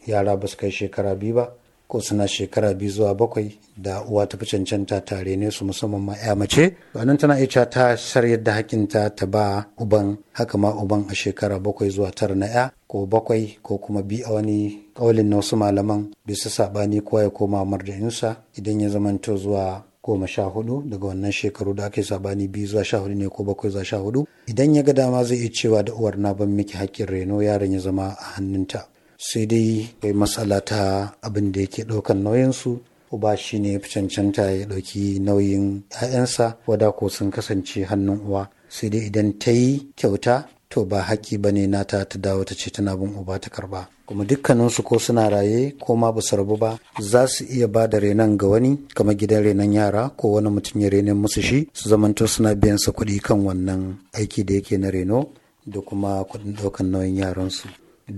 yara ba su kai shekara biyu ba ko suna shekara biyu zuwa bakwai da uwa ta fi cancanta tare ne su musamman ma ya mace nan tana iya ta shar da hakinta ta ba uban haka ma uban a shekara bakwai zuwa tara na ya ko bakwai ko kuma bi a wani kaulin na wasu malaman bisa sabani kowa ya koma marja'insa idan ya zamanto zuwa goma sha hudu daga wannan shekaru da aka yi sabani biyu zuwa sha hudu ne ko bakwai zuwa sha hudu idan ya ga dama zai iya cewa da uwar na ban miki hakkin reno yaron ya zama a hannunta sai dai kai matsala ta abin da yake ɗaukan nauyinsu uba shi ne cancanta ya ɗauki nauyin 'ya'yansa wada ko sun kasance hannun uwa sai dai idan ta yi kyauta to ba haƙƙi ba ne nata ta dawo ta ce tana bin uba ta karba kuma dukkaninsu ko suna raye ko ma ba rabu ba za su iya ba da renon ga wani kamar gidan renon yara ko wani mutum ya renon musu shi su zamanto suna biyan sa kuɗi kan wannan aiki da yake na reno da kuma kuɗin ɗaukan nauyin yaransu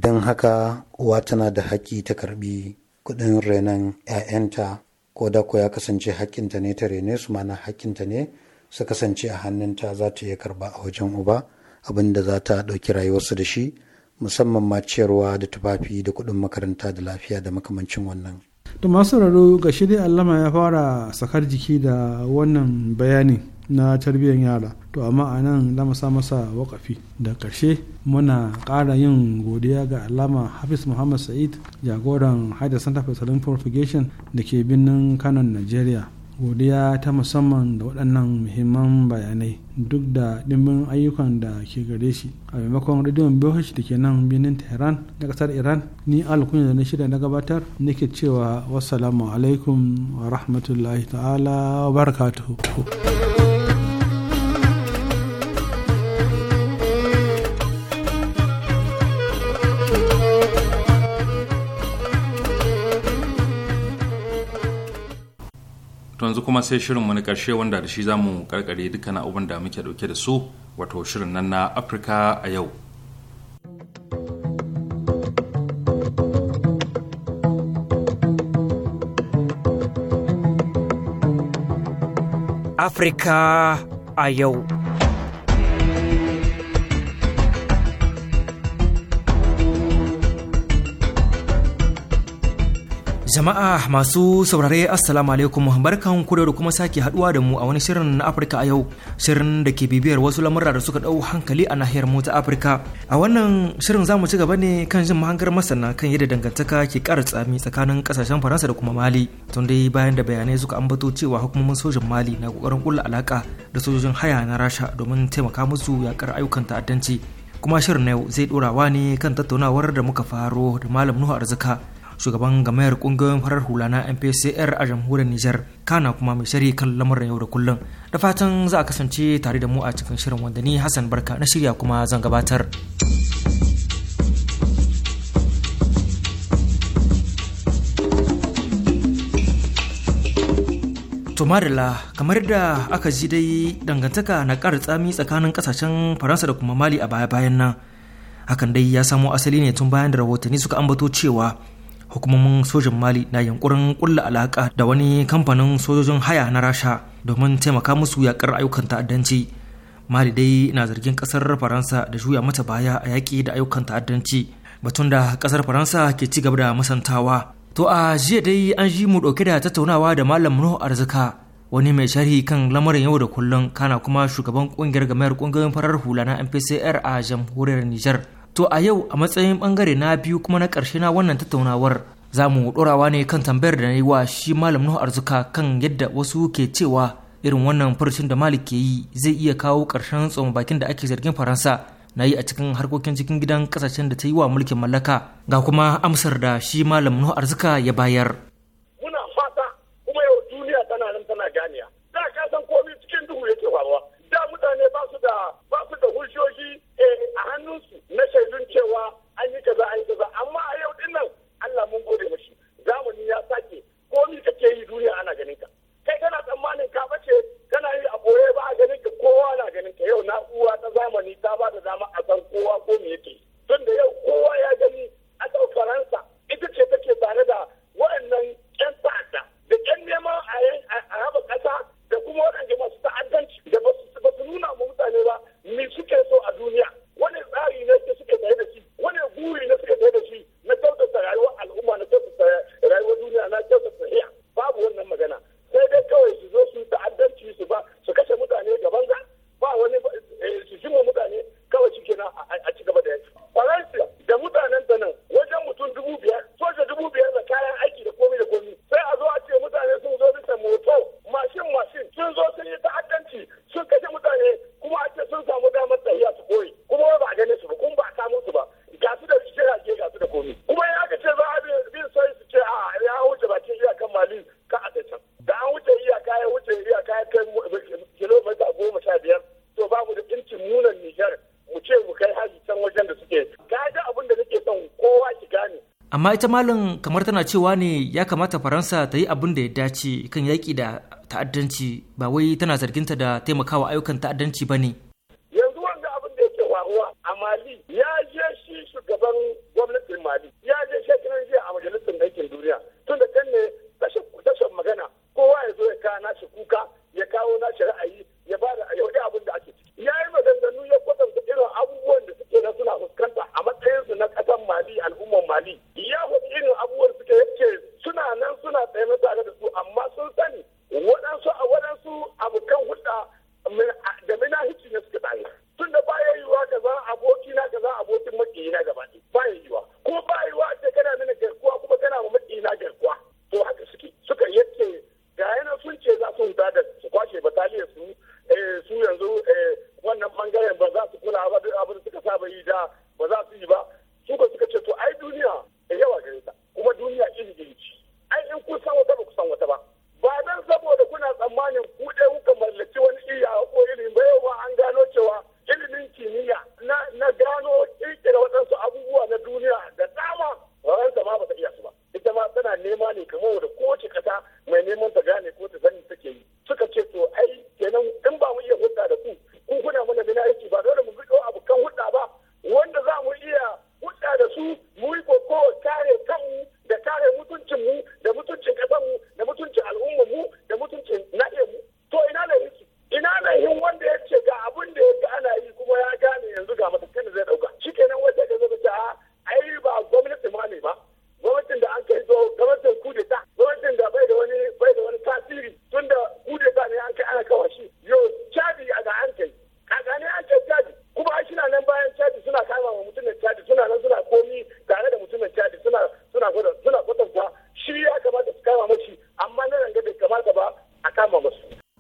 don haka uwa tana da haƙƙi ta karbi kuɗin renon 'ya'yanta ko da ko ya kasance haƙƙinta ne ta rene su mana haƙƙinta ne su kasance a hannunta za ta iya karba a wajen uba abin da za ta ɗauki rayuwarsu da shi musamman ma ciyarwa da tufafi da kuɗin makaranta da lafiya da makamancin wannan. To masu raro ga shirya allama ya fara sakar jiki da wannan bayanin na tarbiyyar yara to amma a nan lama sa masa wakafi da ƙarshe muna ƙara yin godiya ga alama hafiz muhammad sa'id jagoran haida santa for salon propagation da ke birnin kanon nigeria godiya ta musamman da waɗannan muhimman bayanai duk da ɗimbin ayyukan da ke gare shi a maimakon rediyon bihosh da ke nan binin tehran da ƙasar iran ni alkunya da na shida na gabatar nake cewa wassalamu alaikum wa rahmatullahi ta'ala wa barakatuhu yanzu kuma sai shirinmu na ƙarshe wanda da shi za mu karkare dukkan abin da muke dauke da su wato shirin nan na afirka a yau afirka a yau Jama'a masu saurare Assalamu alaikum barkan ku da kuma sake haduwa da mu a wani shirin na Afirka a yau shirin da ke bibiyar wasu lamurra da suka dau hankali a nahiyar mu ta Afirka. A wannan shirin zamu ci gaba ne kan jin mahangar masana kan yadda dangantaka ke ƙara tsami tsakanin kasashen Faransa da kuma Mali. Tun dai bayan da bayanai suka ambato cewa hukumomin sojin Mali na kokarin kulla alaka da sojojin haya na Rasha domin taimaka musu yakar ayyukan ta'addanci. Kuma shirin na yau zai dorawa ne kan tattaunawar da muka faro da Malam Nuhu Arzika shugaban gamayar kungiyoyin farar hula na mpcr a jamhuriyar niger kana kuma mai shari kan lamarin yau da kullum da fatan za a kasance tare da mu a cikin shirin wanda ni hassan barka na shirya kuma zan gabatar tumarila kamar da aka ji dai dangantaka na ƙara tsami tsakanin kasashen faransa da kuma mali a baya-bayan nan hakan dai ya samo asali ne tun bayan da rahotanni suka ambato cewa hukumomin sojin mali na yankurin kulla alaka da wani kamfanin sojojin haya na rasha domin taimaka musu yakar ayyukan ta'addanci mali dai na zargin kasar faransa da juya mata baya a yaƙi da ayyukan ta'addanci batun da kasar faransa ke ci gaba da masantawa to a jiya dai an ji mu ɗauke da tattaunawa da malam nuhu arzika wani mai sharhi kan lamarin yau da kullum kana kuma shugaban kungiyar gamayar kungiyoyin farar hula na mpcr a jamhuriyar niger To a yau a matsayin bangare na biyu kuma na ƙarshe na wannan tattaunawar za mu ɗorawa ne kan tambayar da na yi wa shi malam Nuhu Arzuka kan yadda wasu ke cewa irin wannan furucin da Malik ke yi zai iya kawo ƙarshen tsoma bakin da ake zargin Faransa na yi a cikin harkokin cikin gidan kasashen da ta yi wa mulkin mallaka ga kuma amsar da shi malam Nuhu Arzuka ya bayar. Muna fata kuma yau duniya tana nan tana ganiya. Da ka san komai cikin duhu yake faruwa. Da mutane ba su da su na shaidun cewa an yi kaza an yi kaza amma a yau din nan Allah mun gode mashi zamani ya sake komi kake yi duniya ana ganin ka kai kana tsammanin ka bace kana yi a boye ba a ganin ka kowa na ganin ka yau na'ura ta zamani ta ba da dama a san kowa ko me yake tun da yau kowa ya gani a faransa ita ce take tare da waɗannan 'yan ta'adda da ƴan neman a raba ƙasa da kuma waɗanda masu ta'addanci da ba su nuna ma mutane ba me suke so a duniya wani tsari ne da suke tsaye da shi wani buri ne suke tsaye da shi na kyautata rayuwar al'umma na kyautata rayuwar duniya na kyautata hiya babu wannan magana sai dai kawai su zo su ta'addanci su ba su kashe mutane da banza ba wani eh, su jima mutane kawai shi kenan a ci gaba da yaki faransa da mutanen ta nan wajen mutum dubu biyar soja dubu biyar da kayan aiki da komi da komi sai a zo a ce mutane sun zo ta moto mashin mashin sun zo sun yi ta'addanci sun kashe mutane kuma a sun samu damar tsayiya su koyi kuma ba a gane su ba kuma ba a samu su ba ga su da jirage ga su da komi kuma ya ga ce za a bin sai su ce a ya wuce bakin iyakan mali ka a can da an wuce iyaka ya wuce iyaka ya kai kilomita goma sha biyar to babu da incin munan nijar mu ce mu kai hajji can wajen da suke ga ga abin da nake son kowa ki gane amma ita malam kamar tana cewa ne ya kamata faransa ta yi abin da ya dace kan yaƙi da ta'addanci ba wai tana zarginta da taimakawa ayyukan ta'addanci ba ne. Yanzu wanda abin da yake waruwa a Mali ya je shi shugaban gwamnatin Mali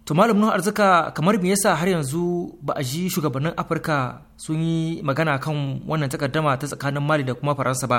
to malam nuhu arzika kamar me yasa har yanzu ba a ji shugabannin afirka sun yi magana kan wannan takaddama ta tsakanin mali da kuma faransa ba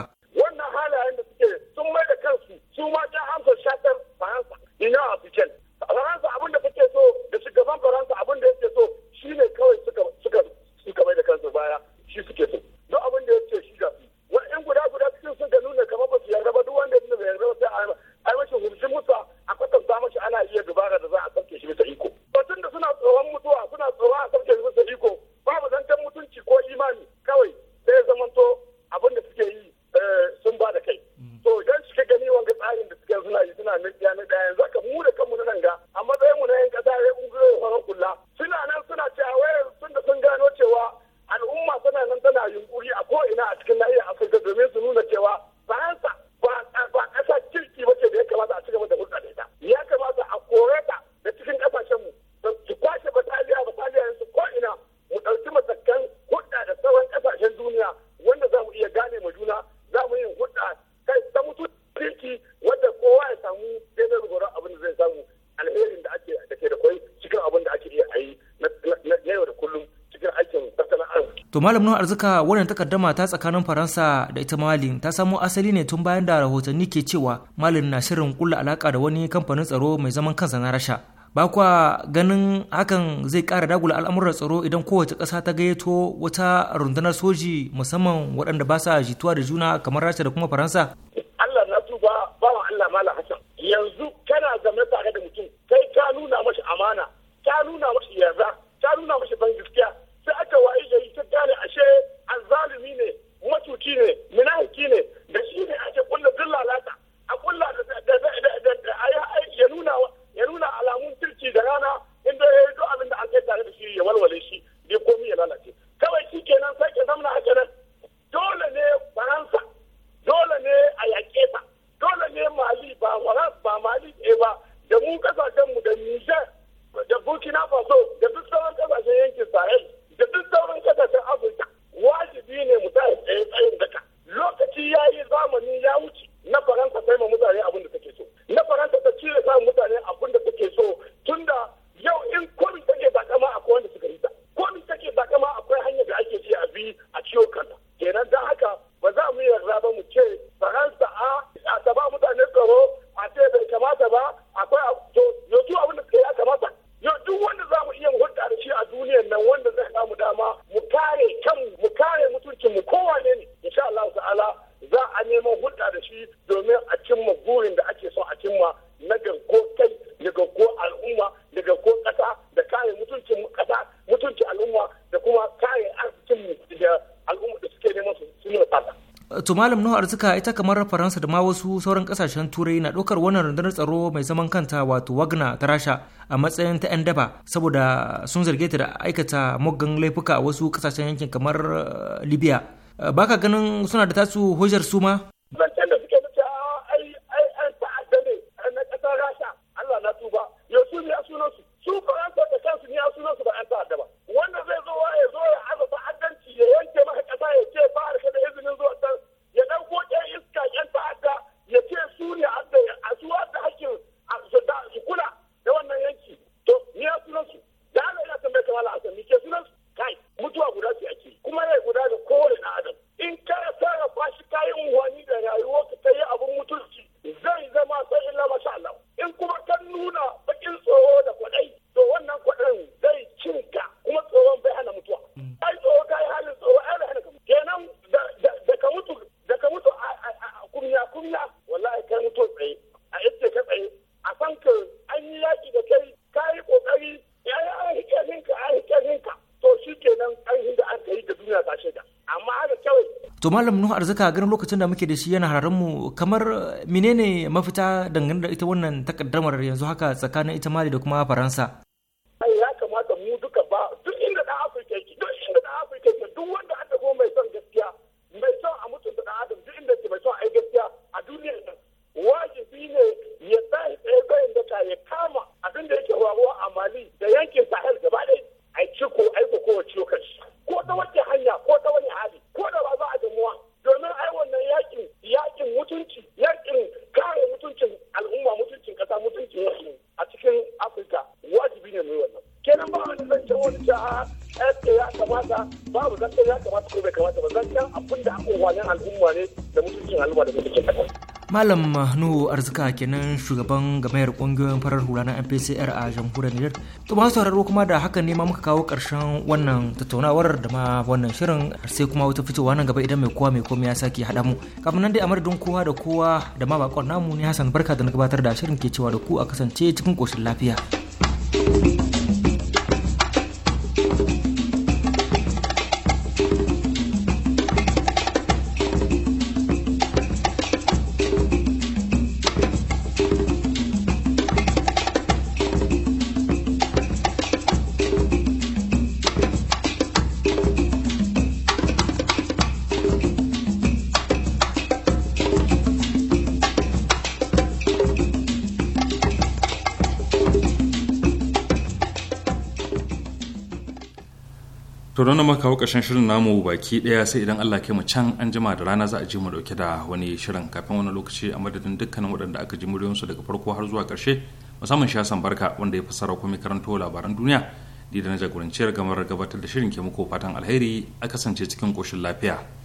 malamin arzika wannan takaddama ta tsakanin faransa da ita malin ta samo asali ne tun bayan da rahotanni ke cewa malin na shirin kulla alaka da wani kamfanin tsaro mai zaman kansa na rasha ba kwa ganin hakan zai kara dagula al'amuran tsaro idan kowace ƙasa ta gayyato wata rundunar soji musamman waɗanda ba sa jituwa da juna kamar rasha da kuma faransa allah na tuba ba wa allah mala hassan yanzu kana zama tare da mutum kai ka nuna mashi amana ka nuna malam nuhu arzika ita kamar faransa da ma wasu sauran kasashen turai na ɗaukar wannan rundunar tsaro mai zaman kanta wato wagna ta rasha a matsayin ta 'yan daba saboda sun zarge ta da aikata muggan laifuka a wasu kasashen yankin kamar eh, libya eh, baka ganin suna da tasu hujjar suma to malam nuhu arzika ganin lokacin da muke da shi yana hararen mu kamar menene mafita dangane da ita wannan takaddamar yanzu haka tsakanin ita mali da kuma faransa Malam mahnu Arzika kenan shugaban gamayar kungiyoyin farar hula na MPCR a jamhuriyar Nijar. To masu sauraro kuma da haka ne ma muka kawo karshen wannan tattaunawar da ma wannan shirin sai kuma wata fitowa nan gaba idan mai kowa mai komai ya sake haɗa mu. Kafin nan dai a madadin kowa da kowa da ma bakon namu ne Hassan Barka da na gabatar da shirin ke cewa da ku a kasance cikin koshin lafiya. thank you to na maka hau ƙarshen shirin namu baki ɗaya sai idan Allah kai mu can an jima da rana za a ji mu dauke da wani shirin kafin wani lokaci a madadin dukkanin waɗanda aka ji muryoyinsu daga farko har zuwa ƙarshe musamman shasan barka wanda ya fi sarrafa kuma karanto labaran duniya da na jagoranciyar gamar gabatar da shirin ke muku fatan alheri a kasance cikin koshin lafiya.